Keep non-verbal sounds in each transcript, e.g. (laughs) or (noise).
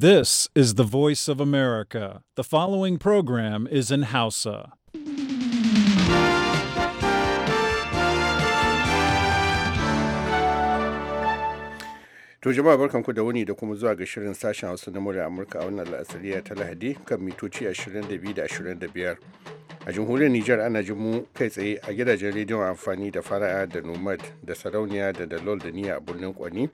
This is the voice of America. The following program is in Hausa. To jama'a barkanku da wuni da kuma zuwa ga shirin sashen Hausa na murya Amurka a wannan la'asariya ta Lahadi kan mitoci 22 da 25. A jamhuriyar Nijar ana jin mu kai tsaye a gidajen rediyon amfani da fara'a da Nomad da Sarauniya da Dalol da Niyya a birnin Kwani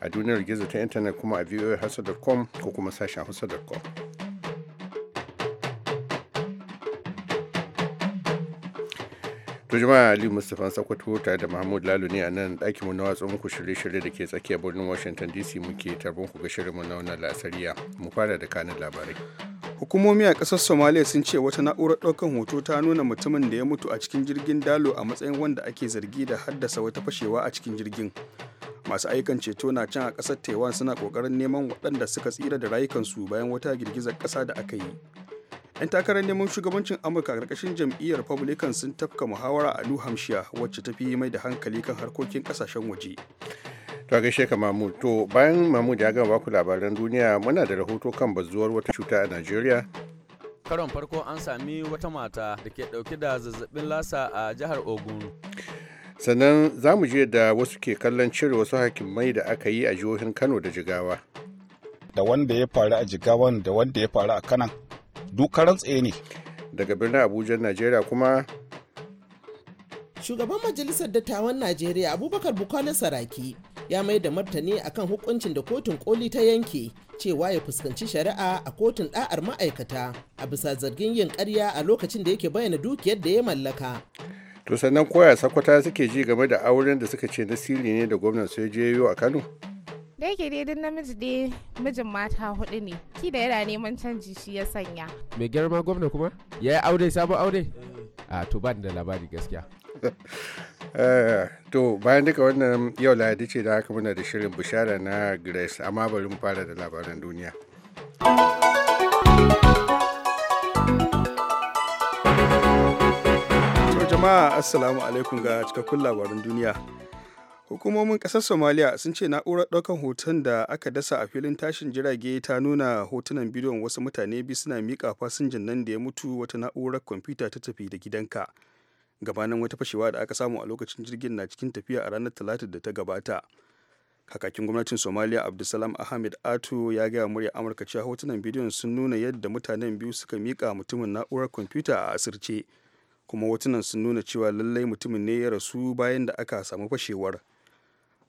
a duniyar gizo ta intanet kuma a voahausa.com ko kuma sashen hausa.com. to jama'a ali mustapha sakwato tare da mahmud lalu ne a nan ɗakin mu na watsa muku shirye-shirye da ke tsakiyar birnin washington dc muke tarbon ku ga shirin mu na wannan la'asariya mu fara da kanin labarai hukumomi a ƙasar somalia sun ce wata na'urar ɗaukan hoto ta nuna mutumin da ya mutu a cikin jirgin dalo a matsayin wanda ake zargi da haddasa wata fashewa a cikin jirgin masu ayyukan ceto na can a ƙasar taiwan suna ƙoƙarin neman waɗanda suka tsira da rayukansu bayan wata girgizar ƙasa da aka yi 'yan takarar neman shugabancin amurka ƙarƙashin jam'iyyar republican sun tafka muhawara a new hampshire wacce ta fi mai da hankali kan harkokin ƙasashen waje to gaishe ka mahmud to bayan mahmud ya gama baku labaran duniya muna da rahoto kan bazuwar wata cuta a najeriya karon farko an sami wata mata da ke dauke da zazzabin lasa a jihar ogun sannan za mu je da wasu ke kallon cire wasu hakimai da aka yi a jihohin kano da jigawa da wanda ya faru a jigawan da wanda ya faru a kanan dukaran tsaye ne daga birnin abuja najeriya kuma shugaban majalisar dattawan najeriya abubakar bukola saraki ya mai da martani akan hukuncin da kotun koli ta yanke cewa ya fuskanci shari'a a kotun ɗa'ar ma'aikata a bisa zargin yin ƙarya a lokacin da yake bayyana dukiyar da ya mallaka to sannan koya sakwata suke ji game da auren da suka ce na sirri ne da gwamnan sai je a kano da yake dai duk namiji dai mijin mata hudu ne ki da yana neman canji shi ya sanya mai girma gwamna kuma ya yi aure sabon aure a to ban da labari gaskiya (laughs) eh, to bayan duka wannan yau lahadi ce da haka muna da shirin bishara na grace amma bari mu fara da labaran duniya jama'a assalamu alaikum ga cikakkun labaran duniya hukumomin kasar somaliya sun ce na'urar ɗaukar hoton da aka dasa a filin tashin jirage ta nuna hotunan bidiyon wasu mutane biyu suna miƙa fasinjin nan da ya mutu wata na'urar kwamfuta ta tafi da gidanka gabanin wata fashewa da aka samu a lokacin jirgin na cikin tafiya a ranar talata da ta gabata kakakin gwamnatin somaliya abdulsalam ahmed ato ya gaya murya amurka cewa hotunan bidiyon sun nuna yadda mutanen biyu suka miƙa mutumin na'urar kwamfuta a asirce kuma hotunan sun nuna cewa lallai mutumin ne ya rasu bayan da aka samu fashewar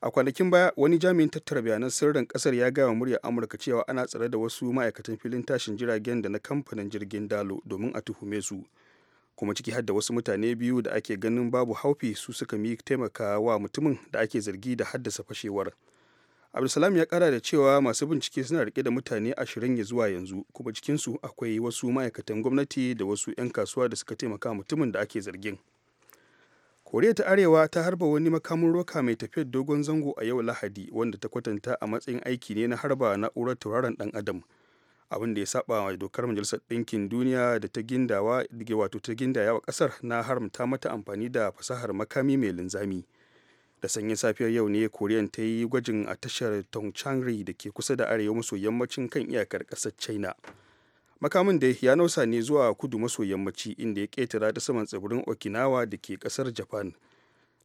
a kwanakin baya wani jami'in tattara bayanan sirrin kasar ya gaya murya amurka cewa ana tsare da wasu ma'aikatan filin tashin jiragen da na kamfanin jirgin dalo domin a tuhume su kuma ciki har wasu mutane biyu da ake ganin babu haufi su suka mi taimaka wa mutumin da ake zargi da haddasa fashewar abdulsalam ya kara da cewa masu bincike suna rike da mutane ashirin ya zuwa yanzu kuma cikinsu akwai wasu ma'aikatan gwamnati da wasu 'yan kasuwa da suka taimaka mutumin da ake zargin koriya ta arewa ta harba wani makamin roka mai tafiyar dogon zango a yau lahadi wanda ta kwatanta a matsayin aiki ne na harba na'urar tauraron dan adam abin da ya saba wa dokar majalisar ɗinkin duniya da ta gindawa wato ta gindaya wa ƙasar na haramta mata amfani da fasahar makami mai linzami da sanyin safiyar yau ne koriyan ta yi gwajin a tashar tongchangri da ke kusa da arewa maso yammacin kan iyakar kasar china makamin da ya nausa ne zuwa kudu maso yammaci inda ya ketara ta saman tsibirin okinawa da ke ƙasar japan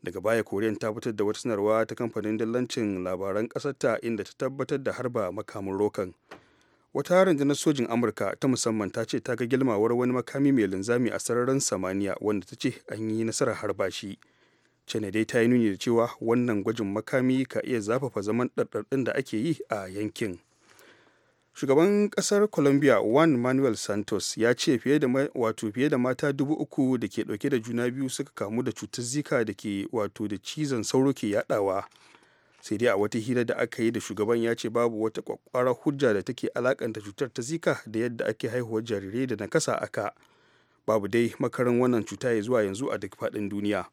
daga baya koriyan ta fitar da wata sanarwa ta kamfanin dillancin labaran ƙasarta inda ta tabbatar da harba makamin rokan wata rundunar sojin amurka ta musamman ta ce ta ga gilmawar wani makami mai linzami a sararin samaniya wanda ta ce an yi nasarar harba shi china dai ta yi nuni da cewa wannan gwajin makami ka iya zafafa zaman ɗarɗarɗin da ake yi a yankin shugaban ƙasar colombia juan manuel santos ya ce fiye da mata dubu uku da ke ɗauke da juna biyu suka kamu da cutar zika da ke wato da cizon sauro ke yaɗawa sai dai a wata hira da aka yi da shugaban ya ce babu wata kwakwara hujja da take alakanta cutar ta zika da yadda ake haihuwar jarirai da nakasa aka babu dai makarin wannan cuta ya zuwa yanzu a duk faɗin duniya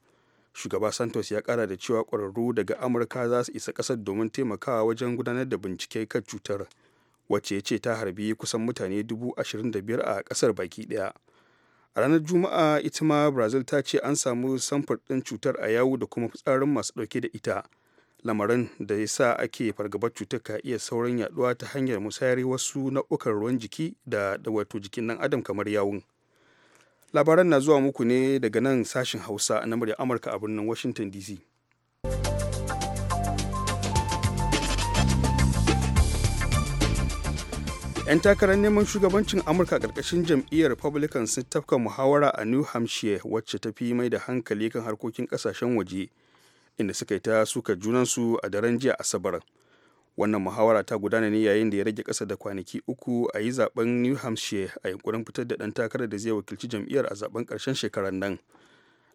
shugaba santos ya kara da cewa kwararru daga amurka za su isa ƙasar domin taimakawa wajen gudanar da bincike kan cutar wacce ya ce ta harbi kusan mutane dubu a ƙasar baki ɗaya a ranar juma'a ita ma brazil ta ce an samu samfur ɗin cutar a yawu da kuma fitsarin masu ɗauke da ita lamarin da ya sa ake fargabar cutar ka iya saurin yaduwa ta hanyar musayar wasu nau'ukan ruwan jiki da wato jikin nan adam kamar yawun labaran na zuwa muku ne daga nan sashen hausa na murya amurka a birnin washington dc yan takarar neman shugabancin amurka ƙarƙashin jam'iyyar republican sun tafka muhawara a new hampshire wacce ta fi mai da hankali kan harkokin ƙasashen waje inda suka yi ta suka junansu a daren jiya asabar wannan muhawara ta gudana ne yayin da ya rage ƙasa da kwanaki uku a yi zaben new hampshire a yankunan fitar da dan takarar da zai wakilci jam'iyyar a zaben ƙarshen shekarar nan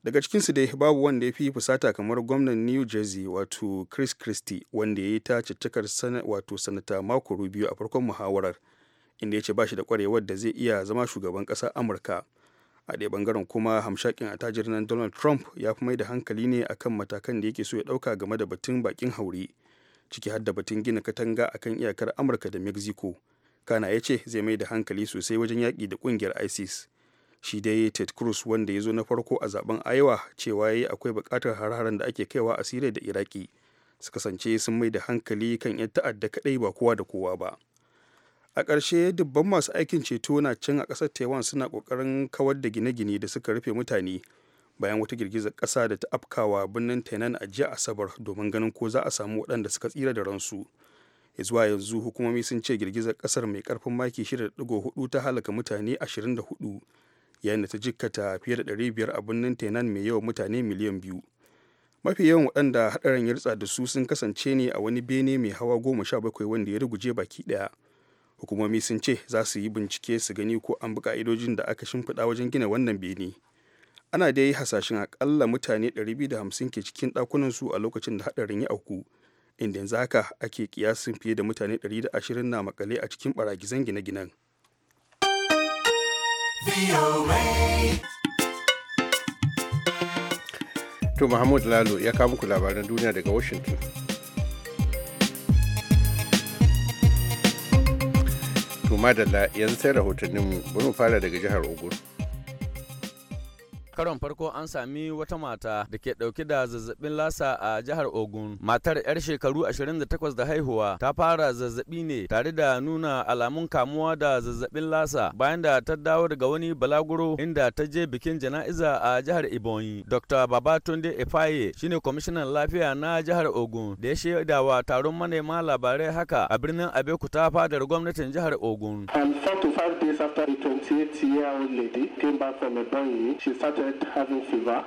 daga cikinsu dai babu wanda ya fi fusata kamar gwamnan new jersey wato chris christie wanda ya yi ta cittakar wato sanata mako rubio a farkon muhawarar inda ya ce ba shi da kwarewar da zai iya zama shugaban ƙasa amurka a ɗaya bangaren kuma hamshakin attajirin donald trump ya fi mai da hankali ne akan matakan da yake so ya ɗauka game da batun bakin haure ciki har da batun gina katanga a kan iyakar amurka da mexico kana ya ce zai mai da hankali sosai wajen yaƙi da ƙungiyar isis shi dai ted cruz wanda ya zo na farko a zaben iowa cewa ya yi akwai buƙatar har-haren da ake kaiwa a siriya da iraki su kasance sun mai da hankali kan 'yan ta'adda kaɗai ba kowa da kowa ba a ƙarshe dubban masu aikin ceto na can a ƙasar taiwan suna ƙoƙarin kawar da gine-gine da suka rufe mutane bayan wata girgizar ƙasa da ta afkawa birnin tainan a jiya asabar domin ganin ko za a samu waɗanda suka tsira da ransu zuwa yanzu hukumomi sun ce girgizar ƙasar mai ƙarfin maki 6.4 ta halaka mutane 24 yayin da ta jikkata fiye da 500 a birnin tainan mai yawan mutane miliyan biyu mafi yawan waɗanda haɗarin ya ritsa da su sun kasance ne a wani bene mai hawa goma sha bakwai wanda ya ruguje baki ɗaya hukumomi sun ce za su yi bincike su gani ko an bi ka'idojin da aka shimfiɗa wajen gina wannan bene ana da dai hasashen akalla mutane 250 ke cikin ɗakunansu a lokacin da haɗarin ya auku inda yanzu haka ake kiyasin fiye da mutane 120 na makale a cikin baragizan gine-ginen to mahmud lalo ya kawo muku labaran duniya daga washington to madalla yanzu sai rahotanninmu bari mu fara daga jihar ogun karon farko an sami wata mata da ke dauke da zazzabin lasa a jihar Ogun. Matar 'yar shekaru 28 da haihuwa ta fara zazzabi ne tare da nuna alamun kamuwa da zazzabin lasa bayan da ta dawo daga wani balaguro inda ta je bikin jana'iza a jihar ibonyi Dr. tunde Efaye shine kwamishinan lafiya na jihar Ogun da ya shaida wa taron manema labarai haka a birnin ta fadar gwamnatin jihar Ogun. And days after the 28 year old lady came back from she started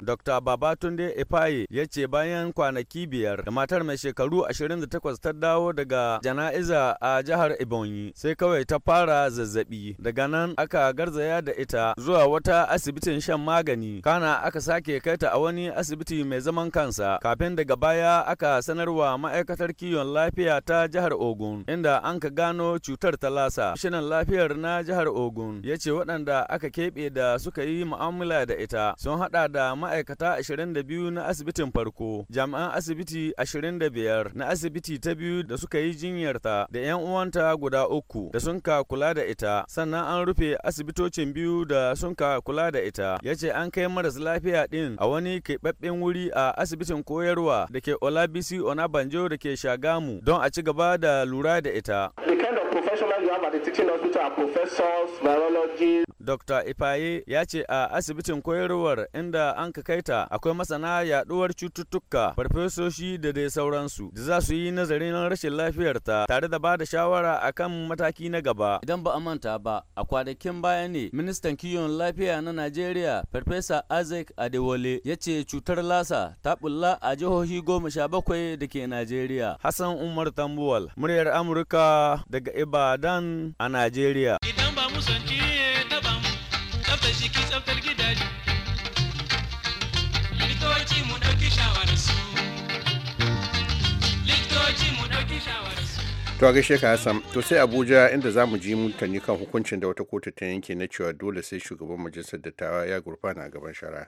Dr. Babatunde Epaye ya ce bayan kwanaki biyar da matar mai shekaru 28 ta dawo daga jana'iza a jihar Ebonyi sai kawai ta fara zazzabi. Daga nan aka garzaya da ita zuwa wata asibitin shan magani. Kana aka sake kai ta a wani asibiti mai zaman kansa kafin daga baya aka sanarwa ma'aikatar kiwon lafiya ta jihar Ogun inda an ka gano cutar ta lasa. Shinan lafiyar na jihar Ogun ya ce waɗanda aka keɓe da suka yi mu'amala da ita sun hada da ma'aikata 22 na asibitin farko, jami'an asibiti 25 na asibiti ta biyu da suka yi jinyarta da 'yan uwanta guda uku da sun ka kula da ita, sannan an rufe asibitocin biyu da sun ka kula da ita. Ya ce an kai maras lafiya din a wani keɓaɓɓen wuri a asibitin koyarwa da ke Olabisi Onabanjo da ke Shagamu don a ci gaba da lura da ita. Dr. Ifaye ya ce a asibitin koyarwa tattaunawar inda an ka ta akwai masana yaduwar cututtuka farfesoshi da dai sauransu da za su yi nazarin rashin lafiyar ta tare da ba da shawara akan mataki na gaba idan ba a manta ba a kwanakin baya ne ministan kiwon lafiya na najeriya farfesa isaac adewale ya ce cutar lasa ta bulla a jihohi goma sha bakwai da ke najeriya hassan umar tambuwal muryar amurka daga ibadan a najeriya idan ba mu son ta ba mu tsaftar jiki tsaftar gidaje to a gaishe ka Hassan to sai Abuja inda za mu ji mutane kan hukuncin da wata kotu ta yanke na cewa dole sai shugaban majalisar dattawa ya gurfana a gaban shari'a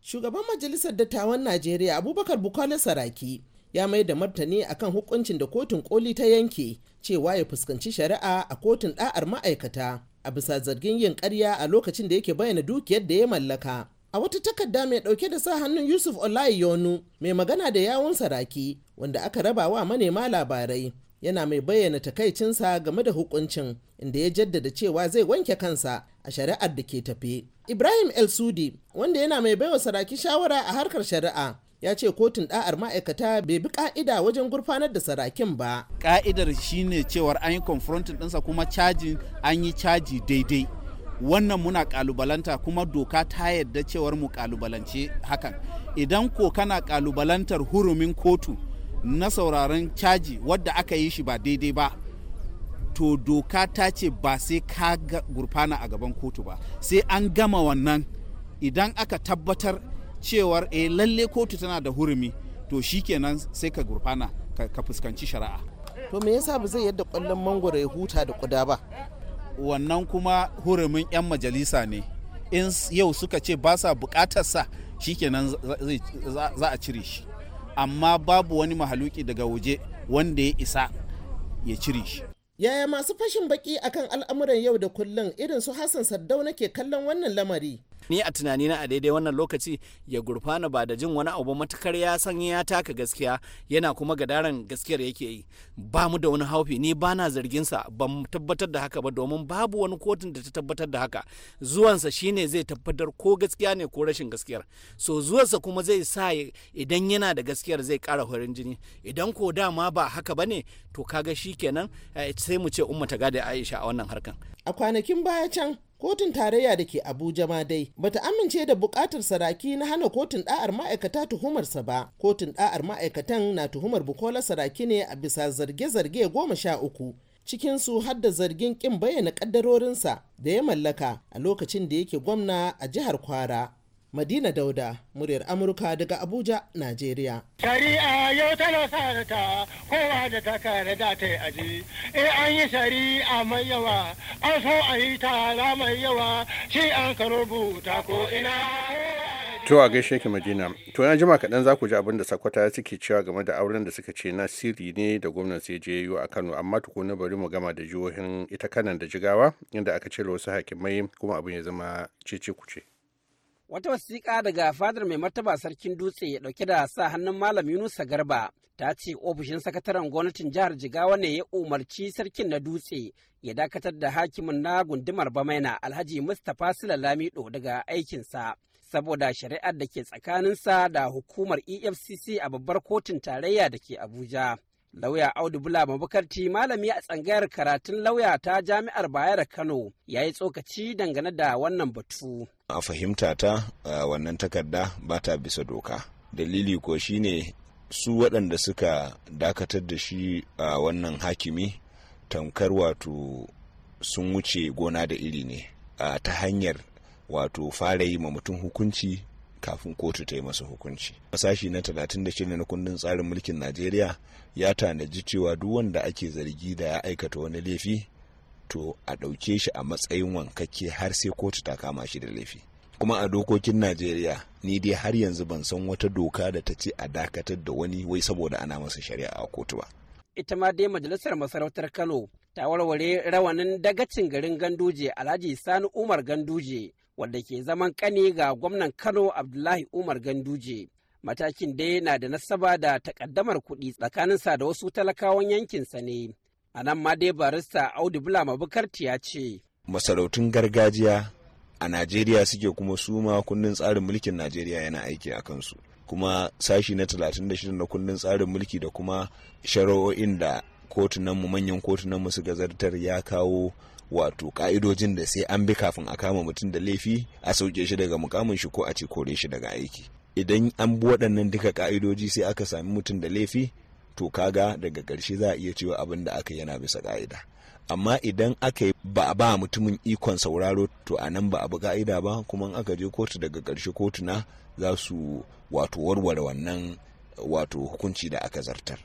shugaban majalisar dattawan Najeriya Abubakar Bukola Saraki ya mai da martani akan hukuncin da kotun koli ta yanke cewa ya fuskanci shari'a a kotun da'ar ma'aikata a bisa zargin yin karya a lokacin da yake bayyana dukiyar da ya mallaka a wata takarda mai dauke da sa hannun yusuf yonu mai magana da yawun saraki wanda aka raba wa manema labarai yana mai bayyana takaicinsa game da hukuncin inda ya jaddada cewa zai wanke kansa a shari'ar da ke tafe ibrahim el sudi wanda yana mai baiwa saraki shawara a harkar shari'a ya ce kotun da'ar ma'aikata bai bi ka'ida wajen gurfanar da sarakin ba ka'idar shine cewar an yi confronting ɗinsa kuma cajin an yi caji daidai wannan muna kalubalanta kuma doka ta yadda cewar mu kalubalance hakan idan ko kana kalubalantar hurumin kotu na sauraron caji wadda aka yi shi ba daidai ba to doka ta ce ba sai ka gurfana a gaban kotu ba sai an gama wannan idan aka tabbatar cewar eh lalle kotu tana da hurumi to shikenan sai ka gurfana ka fuskanci shari'a to me yasa ba zai yadda kwallon mangoro ya huta da kuda ba wannan kuma hurumin 'yan majalisa ne in yau suka ce ba sa bukatarsa shikenan za a cire shi amma babu wani mahaluki daga waje wanda ya isa ya cire shi yaya masu fashin baki akan al'amuran yau da kullum irin su hassan saddauna ke kallon wannan lamari ni a tunani na a daidai wannan lokaci ya gurfana ba da jin wani abu matukar ya san ya taka gaskiya yana kuma gadaran gaskiyar yake yi ba mu da wani haufi ni ba na zargin sa ban tabbatar da haka ba domin babu wani kotun da ta tabbatar da haka zuwansa shine zai tabbatar ko gaskiya ne ko rashin gaskiyar so zuwansa kuma zai sa idan yana da gaskiyar zai kara horin jini idan ko dama ba haka bane to kaga shikenan eh, sai mu ce umma ta gada Aisha a wannan harkan a kwanakin baya can kotun tarayya da ke abuja ma dai bata amince da bukatar saraki na hana kotun da'ar ma'aikata tuhumarsa ba kotun da'ar ma'aikatan na tuhumar bukola saraki ne a bisa zarge-zarge goma sha uku cikinsu har da zargin kin bayyana kaddarorinsa da ya mallaka a lokacin da yake gwamna a jihar kwara Madina Dauda, muryar Amurka daga Abuja, Najeriya. Shari'a yau tana ta kowa da ta kare da ta yi aji. Eh an yi shari'a mai yawa, an so a yi tara mai yawa, shi an ka rubuta ko ina. To a gaishe ki Madina, to na jima kaɗan za ku ji abin da sakwata suke cewa game da auren da suka ce na sirri ne da gwamnan sai je yi a Kano amma tukuna bari mu gama da jihohin ita kanan da jigawa inda aka cire wasu hakimai kuma abin ya zama cece kuce. Wata wasiƙa daga fadar mai martaba sarkin dutse ya ɗauke da sa hannun Malam Yunus Garba ta ce ofishin sakataren gwamnatin jihar Jigawa ne ya umarci sarkin na dutse ya dakatar da hakimin na gundumar Bamaina Alhaji Mustapha Sulalamido daga aikinsa. saboda shari'ar da ke tsakaninsa da hukumar efcc a babbar kotun tarayya da ke abuja lauya audu bula mabukarti malami a tsangayar karatun lauya ta jami'ar bayar kano ya yi tsokaci dangane da wannan batu a fahimta ta wannan takarda ba ta bisa doka dalili ko shine su waɗanda suka dakatar da shi a wannan hakimi tamkar wato sun wuce gona da iri ne ta hanyar wato fara yi ma mutum hukunci kafin kotu ta yi masa hukunci. Sashi na 36 na kundin tsarin mulkin Najeriya ya tanaji cewa duk wanda ake zargi da ya aikata wani laifi to a ɗauke shi a matsayin wankakke har sai kotu ta kama shi da laifi kuma a dokokin najeriya ni dai har yanzu ban san wata doka da ta ce a dakatar da wani wai saboda ana masa shari'a a kotu ba ita ma dai majalisar masarautar kano ta warware rawanin dagacin garin ganduje alhaji sani umar ganduje wadda ke zaman Kani ga gwamnan kano abdullahi umar ganduje matakin dai na da nasaba da takaddamar kuɗi tsakaninsa da wasu talakawan yankinsa ne A nan ma dai barista Audu Bulama Bukarti ya ce. Masarautun gargajiya a Najeriya suke kuma su ma kundin tsarin mulkin Najeriya yana aiki a kansu. Kuma sashi na 36 na kundin tsarin mulki da kuma shari'o'in da kotunanmu manyan kotunanmu suka zartar ya kawo wato ka'idojin da sai an bi kafin a kama mutum da laifi a sauke shi daga mukamin shi ko a ce kore shi daga aiki idan an bi waɗannan duka ka'idoji sai aka sami mutum da laifi to kaga daga karshe za a iya cewa abin da aka yana bisa ƙa'ida amma idan aka yi ba a ba mutumin ikon sauraro to a nan ba a bi ka'ida ba kuma aka je kotu daga ƙarshe na za su wato warware wannan wato hukunci da aka zartar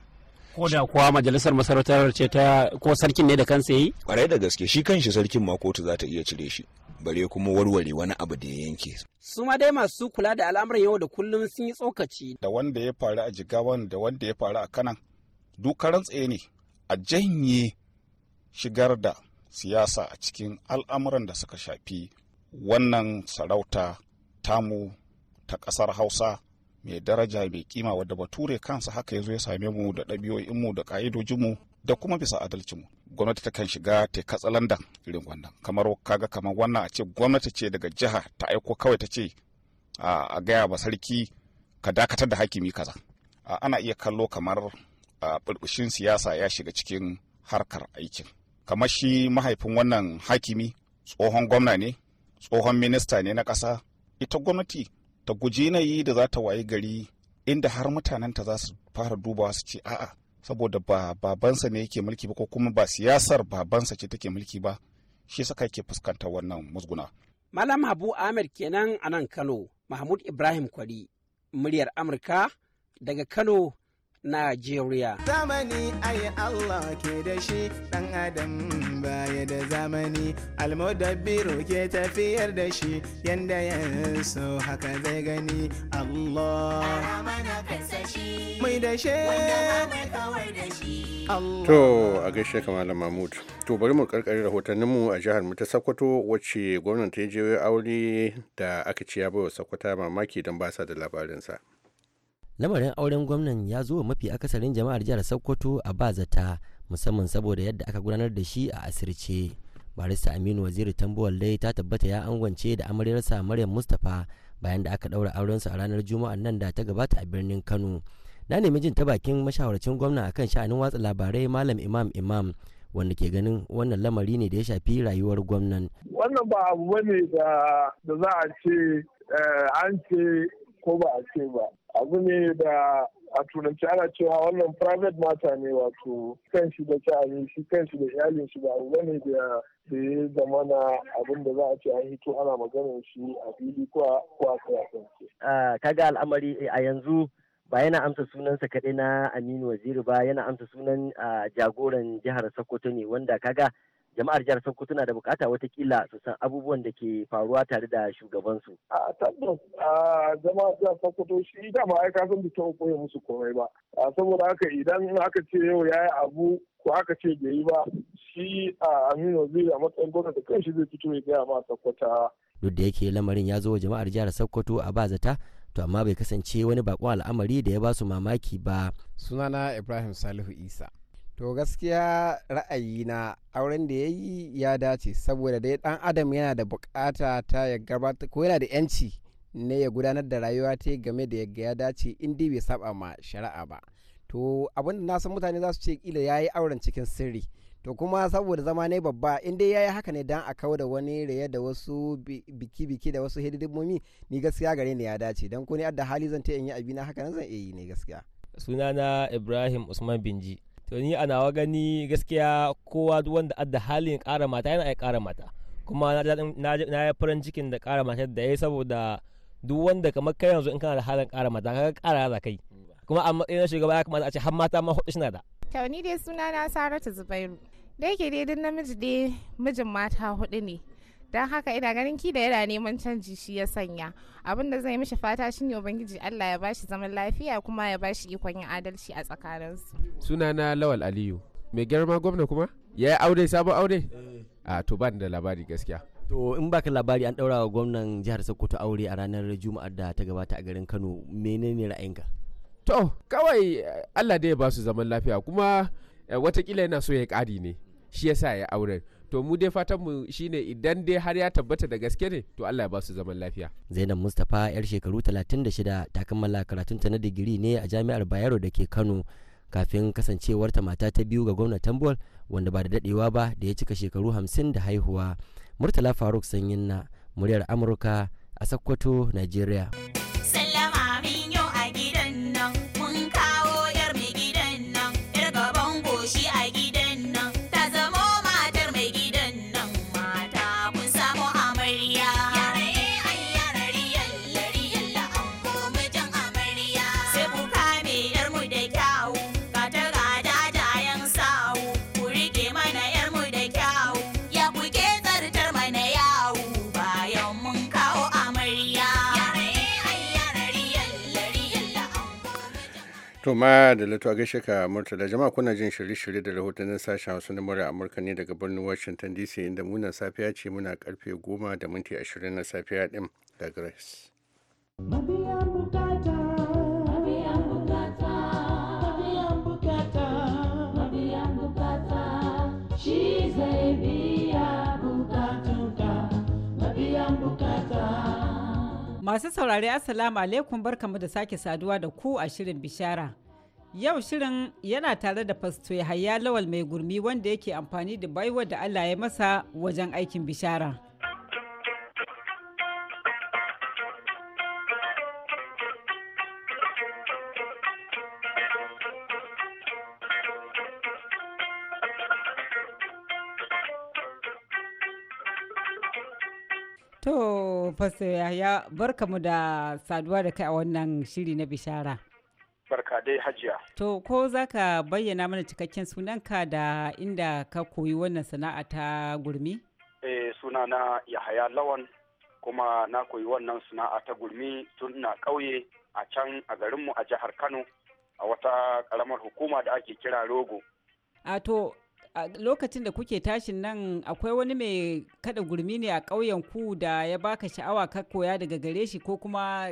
ko da kuwa majalisar masarautar ce ta ko sarkin ne da kansa yi kwarai da gaske shi kanshi sarkin ma kotu za ta iya cire shi bare kuma warware wani abu da ya yanke. su ma dai masu kula da al'amuran yau da kullum sun yi tsokaci. da wanda ya faru a jigawan da wanda ya faru a kanan dukaran tsaye ne a janye shigar da siyasa a cikin al'amuran da suka shafi wannan sarauta tamu ta ƙasar hausa mai daraja mai kima wadda bature kansa haka ya zo ya same mu da ɗabi'o'inmu da ƙa'idojinmu da kuma bisa adalcinmu gwamnati ta kan shiga ta katsalandan irin wannan kamar kaga kamar wannan a ce gwamnati ce daga jiha ta aiko kawai ta ce a gaya ba sarki ka dakatar da hakimi kaza ana iya kallo kamar bulbushin siyasa ya shiga cikin harkar aikin kamar shi mahaifin wannan hakimi tsohon gwamna ne tsohon minista ne na ƙasa ita gwamnati ta guji yanayi da za ta wayi gari inda har mutanenta za su fara dubawa su ce a'a saboda ba babansa ne yake mulki ba ko kuma ba siyasar babansa ce take mulki ba shi saka yake fuskantar wannan musguna malam habu ahmed kenan a nan kano mahmud ibrahim kwari muryar amurka daga kano Najeriya. Zamani ai Allah ke da shi ɗan adam baya da zamani almodabbiru ke tafiyar da shi yanda ya so haka zai gani Allah. Mai da shi. To a gaishe ka Malam Mahmud. To bari mu karkare rahotanninmu a jihar mu ta Sokoto wacce gwamnan ta je aure da aka ce ya baiwa Sokoto mamaki don ba sa da labarinsa. Lamarin auren gwamnan ya zo mafi akasarin jama'ar jihar Sokoto a bazata musamman saboda yadda aka gudanar da shi a asirce. Barista Aminu Waziri tambuwal-dai ta tabbata ya angwance da amaryarsa Maryam Mustapha bayan da aka daura aurensa a ranar juma'a nan da ta gabata a birnin Kano. na nemi jin ta bakin mashawarcin gwamna akan sha'anin watsa labarai malam imam imam wanda ke ganin wannan lamari ne da ya shafi rayuwar gwamnan. Wannan ba abu bane da za a ce eh, an ce ko ba a ce ba. Abu ne da a turanci ana cewa wannan private matter ne wato kan shi da sha'ani shi kan da iyalin shi ba abu bane da da ya zama na abin da za a ce an hito ana maganar shi a fili ko a kiyasance. Ah, kaga al'amari a yanzu ba yana amsa sunansa kaɗai na aminu waziri ba yana amsa sunan jagoran jihar sokoto ne wanda kaga jama'ar jihar sokoto na da bukata watakila su san abubuwan da ke faruwa tare da shugabansu. a tabbas a jama'ar jihar sokoto shi da ma'aika sun bi ta koya musu komai ba saboda haka idan aka ce yau ya yi abu ko aka ce bai yi ba shi a aminu waziri a matsayin gwamnati da kanshi zai fito ya gaya ma sokoto. duk da yake lamarin ya zo wa jama'ar jihar sokoto a ba zata. to amma bai kasance wani bakon al'amari da ya ba su mamaki ba sunana ibrahim salihu isa to gaskiya ra'ayina auren da ya yi ya dace saboda dai dan adam yana da bukata ta ya gabata ko yana da yanci ne ya gudanar da rayuwa ta game da yadda ya dace in dai bai saba ma shari'a ba to abinda na san mutane za su ce kila ya yi auren cikin sirri to kuma saboda zama ne babba in dai yayi haka ne dan a kawo da wani raye da wasu biki-biki da wasu hidimomi ni gaskiya gare ni ya dace dan ko ni adda hali zan ta in yi abina haka nan zan iya yi ne gaskiya sunana Ibrahim Usman Binji to ni a nawa gani gaskiya kowa duk wanda adda ya kara mata yana iya kara mata kuma na yi farin cikin da kara mata da ya saboda duk wanda kamar kai yanzu in kana da halin kara mata ka kara za kai kuma a matsayin shugaba ya kamata a ce har mata ma hudu suna da to ni dai suna na saratu zubairu da yake dai dun namiji dai mijin mata hudu ne don haka ina ganin ki da yana neman canji shi ya sanya abin da zai mishi fata shine ubangiji Allah ya bashi zaman lafiya kuma ya bashi ikon yin adalci a tsakaninsu sunana lawal aliyu mai girma gwamna kuma ya yi aure sabon aure eh. a to ban da labari gaskiya to in baka labari an daura wa gwamnan jihar sokoto aure a ranar juma'ar da ta gabata a garin kano menene ra'ayinka to kawai eh, allah dai ya ba su zaman lafiya kuma eh, watakila yana so ya ƙari ne shi ya sa ya auren to mu dai fatan mu shine idan dai har ya tabbata da gaske ne to Allah ya ba su zaman lafiya Zainab Mustapha yar shekaru 36 ta kammala karatunta na digiri ne a Jami'ar Bayero da ke Kano kafin kasancewarta mata ta biyu ga gwamnatin Tambol wanda ba da dadewa ba da ya cika shekaru hamsin da haihuwa Murtala Faruk Sanyin na muryar Amurka a Sokoto Najeriya. To ma da lato gaishe ka Murtala jama'a kuna jin shirye-shirye da rahotannin sashen Hausa na murar Amurka ne daga birnin Washington DC inda muna safiya ce muna karfe goma da minti ashirin na safiya din da Grace. Masu saurari Assalamu alaikum barkamu da sake saduwa da ku a shirin bishara. Yau shirin yana tare da fasto Yahaya Lawal mai gurmi wanda yake amfani da baiwa da Allah ya masa wajen aikin bishara. Fasto Yahya mu da saduwa da kai a wannan shiri na bishara. Barka dai hajiya. To ko za ka bayyana mana cikakken sunanka da inda ka koyi wannan sana'a ta gurmi? Eh suna na Yahaya Lawan kuma na koyi wannan sana'a ta gurmi tun na ƙauye a can a garinmu a jihar Kano a wata ƙaramar hukuma da ake kira Rogo. A to a lokacin da kuke tashin nan akwai wani mai kada gurmi ne a ƙauyen ku da ya baka sha'awa ka koya daga gare shi ko kuma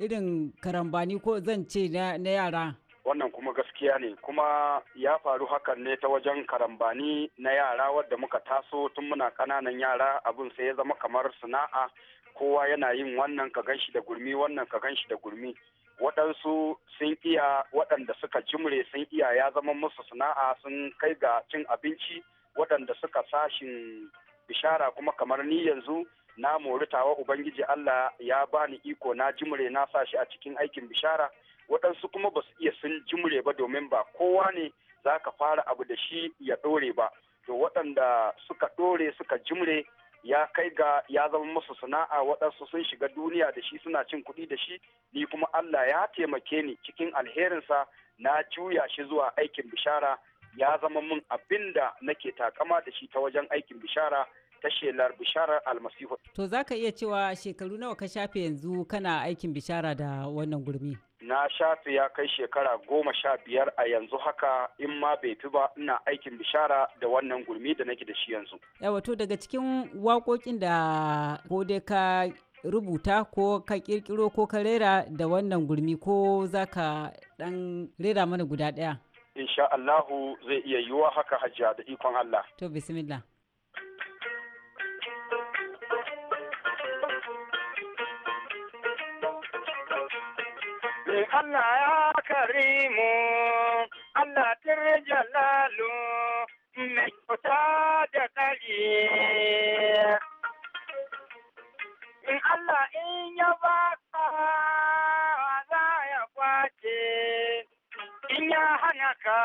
irin karambani ko zan ce na yara wannan kuma gaskiya ne kuma ya faru hakan ne ta wajen karambani na yara wadda muka taso tun muna kananan yara abin sai ya zama kamar sana'a kowa yana yin wannan ka ganshi da gurmi wannan ka ganshi da gurmi waɗansu sun iya waɗanda suka jimre sun iya ya zama musu sana'a sun kai ga cin abinci waɗanda suka sashin bishara kuma kamar ni yanzu na moritawa ubangiji Allah ya bani iko na jimre na sashi a cikin aikin bishara waɗansu kuma ba su iya sun jimre ba domin ba kowa ne za ka fara abu da shi ya ɗore ba to waɗanda suka ɗore suka jimre ya kai ga ya zama musu sana'a waɗansu sun shiga duniya da shi suna cin kuɗi da shi ni kuma Allah ya taimake ni cikin alherinsa na juya shi zuwa aikin bishara ya zama min abin da nake takama da shi ta wajen aikin bishara ta shelar bishara almasihu. To zaka iya cewa shekaru nawa ka shafe yanzu kana aikin bishara da wannan gurmi? na shafe ya kai shekara goma sha biyar a yanzu haka in ma bai fi ba ina aikin bishara da wannan gurmi da nake da shi yanzu. wato daga cikin waƙoƙin da ko dai ka rubuta ko ka kirkiro ko ka rera da wannan gurmi ko za ka ɗan rera mana guda ɗaya. Insha Allahu zai iya yiwuwa haka hajjia da ikon Allah. To bismillah. Allah ya karimu, Allah tir jalalu, mai kuta da kari. In Allah in ya zaya za ya kwace, in ya hana ka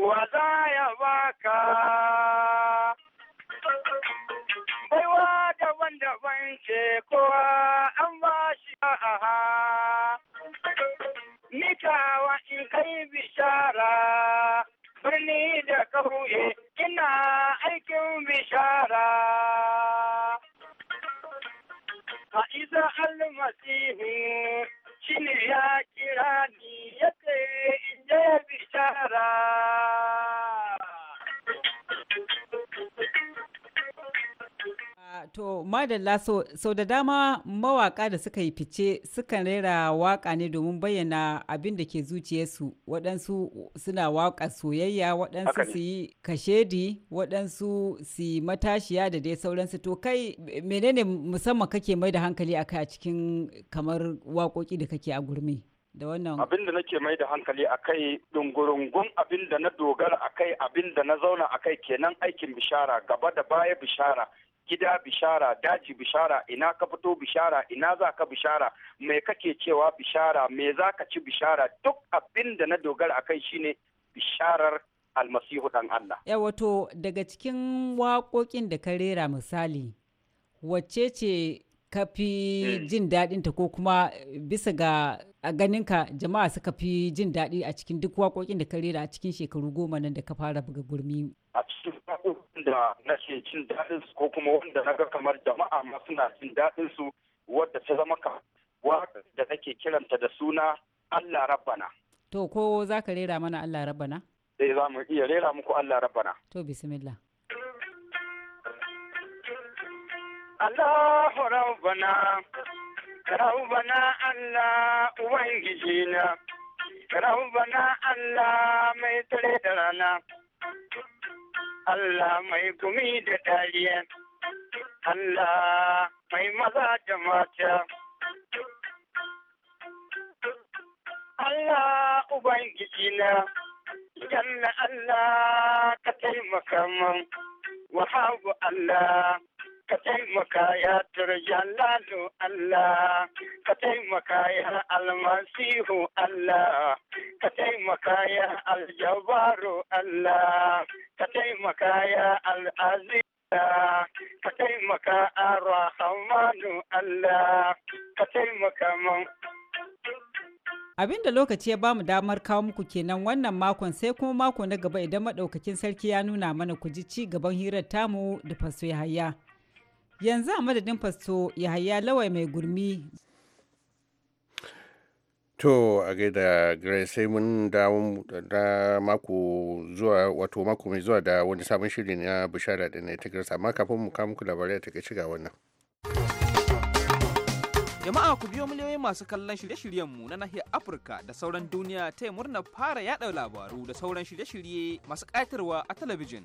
wa za ya baka. ihin shi ne ya kira ni To, madalla sau da dama mawaka da suka yi fice sukan rera waka ne domin bayyana abin da ke zuciyarsu waɗansu suna waka soyayya waɗansu su yi kashedi waɗansu su yi matashiya da dai sauransu to kai menene musamman kake mai da hankali akai a cikin kamar waƙoƙi da kake a gurmi? da wannan abin da nake mai da hankali a kai dungurungun abin da na dogara a kai abin da na zauna a kai kenan aikin bishara gaba da baya bishara gida bishara daji bishara ina ka fito bishara ina za ka bishara mai kake cewa bishara me za ka ci bishara duk abin da na dogara akai shine bisharar almasihu dan Allah ya eh, wato daga cikin waƙoƙin da ka rera misali wacce ce ka fi hmm. jin daɗin ta ko kuma bisa ga ganinka jama'a suka fi jin daɗi a cikin duk waƙoƙin da ka rera a cikin shekaru goma nan da ka fara buga gurmi a cikin wanda nake cin daɗin su ko kuma wanda na ga kamar jama'a ma suna cin daɗin su wadda ta zama ka da nake kiranta da suna Allah Rabbana. To ko za ka rera mana Allah Rabbana? Eh za mu iya rera muku Allah Rabbana. To bismillah. Allah Rabbana Rabbana Allah Ubangiji na Rabbana Allah mai tare da rana Allah mai gumi da dariya, Allah mai maza da mata. Allah Ubangiji na, Allah ka taimaka man, wahabu Allah ka taimaka ya turjanatu Allah ka taimaka ya almasihu Allah ka taimaka ya aljabaru Allah ka taimaka ya al'aziz ka taimaka arhamanu Allah ka taimaka man Abin da lokaci ya bamu damar kawo muku kenan wannan makon sai kuma mako na gaba idan maɗaukakin sarki ya nuna mana ku ji ci gaban hirar tamu da faso ya yanzu a madadin fasto haya lawai mai gurmi to a gaida grace sai mun da mako zuwa wato mako mai zuwa da wani sabon shiri na bishara da na ta grace amma kafin mu kawo muku labarai ta kai ga wannan jama'a ku biyo miliyoyin masu kallon shirye-shiryenmu na nahiyar afirka da sauran duniya ta yi murna fara yada labaru da sauran shirye-shirye masu ƙayatarwa a talabijin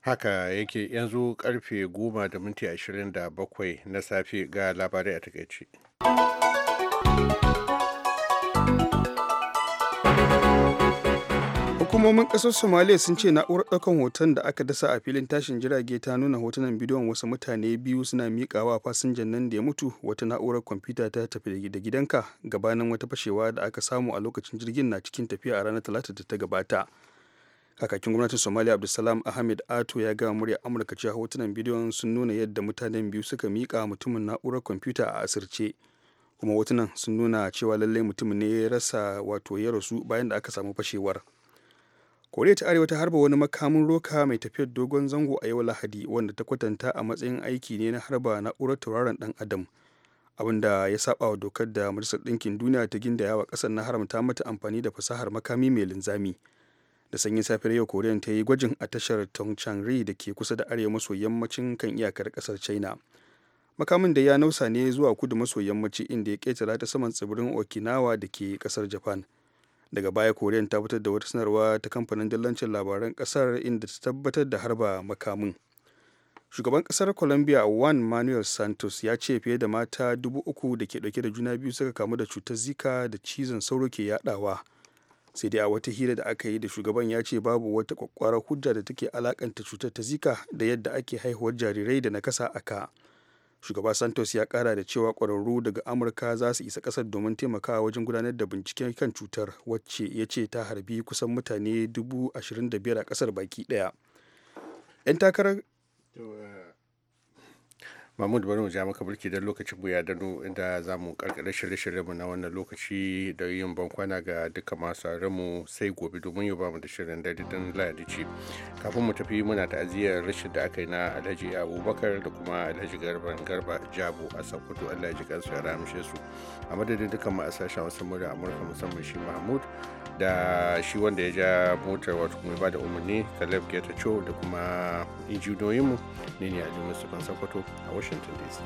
haka yake yanzu karfe goma da minti ashirin da bakwai na safe ga labarai a takaice hukumomin ƙasar somaliya sun ce na'urar ɗaukan hoton da aka dasa a filin tashin jirage ta nuna hotunan bidiyon wasu mutane biyu suna miƙawa fasinjan nan da ya mutu wata na'urar kwamfuta ta tafi da gidanka gabanin wata fashewa da aka samu a lokacin jirgin na cikin tafiya a ranar talata da ta gabata kakakin gwamnatin somaliya abdulsalam ahmed ato ya gama murya amurka cewa hotunan bidiyon sun nuna yadda mutanen biyu suka miƙa mutumin na'urar kwamfuta a asirce kuma hotunan sun nuna cewa lallai mutumin ne ya rasa wato ya rasu bayan da aka samu fashewar koriya ta arewa ta harba wani makamin roka mai tafiyar dogon zango a yau lahadi wanda ta kwatanta a matsayin aiki ne na harba na'urar tauraron dan adam abinda ya saba wa dokar da majalisar ɗinkin duniya ta gindaya wa ƙasar na haramta mata amfani da fasahar makami mai linzami da sanyin safiyar yau koriyan ta yi gwajin a tashar tongchang-ri da ke kusa da arewa maso yammacin kan iyakar kasar china makamin da ya nausa ne zuwa kudu maso yammaci inda ya ketara ta saman tsibirin okinawa da ke kasar japan daga baya koriyan ta fitar da wata sanarwa ta kamfanin dillancin labaran kasar inda ta tabbatar da harba makamin shugaban kasar colombia juan manuel santos ya ce fiye da mata dubu uku da ke dauke da juna biyu suka kamu da cutar zika da cizon sauro ke yadawa sai dai a wata hira da aka yi da shugaban ya ce babu wata kwakwarar hujja da take alakanta cutar ta zika da yadda ake haihuwar jarirai da nakasa a ka shugaba santos ya kara da cewa kwararru daga amurka za su isa kasar domin taimakawa wajen gudanar da binciken kan cutar wacce ya ce ta harbi kusan mutane 25,000 a kasar baki daya 'yan takarar eh, mahmud bari mu ja maka burki don lokacin buya dano inda za mu karkare shirye-shirye mu na wannan lokaci da yin bankwana ga duka masu mu sai gobe domin yau bamu da shirin dare don ci. kafin mu tafi muna ta'aziyar rashin da aka yi na alhaji abubakar da kuma alhaji garba garba jabo a sakkwato allah ji kansu ya ramshe su a madadin duka ma a sashen wasu murya amurka musamman shi mahmud da shi wanda ya ja motar wato kuma ba da umarni caleb cho da kuma injiniyoyinmu ne ne a jimin su sakkwato a wasu Washington, D.C.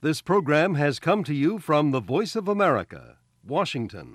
This program has come to you from the Voice of America, Washington.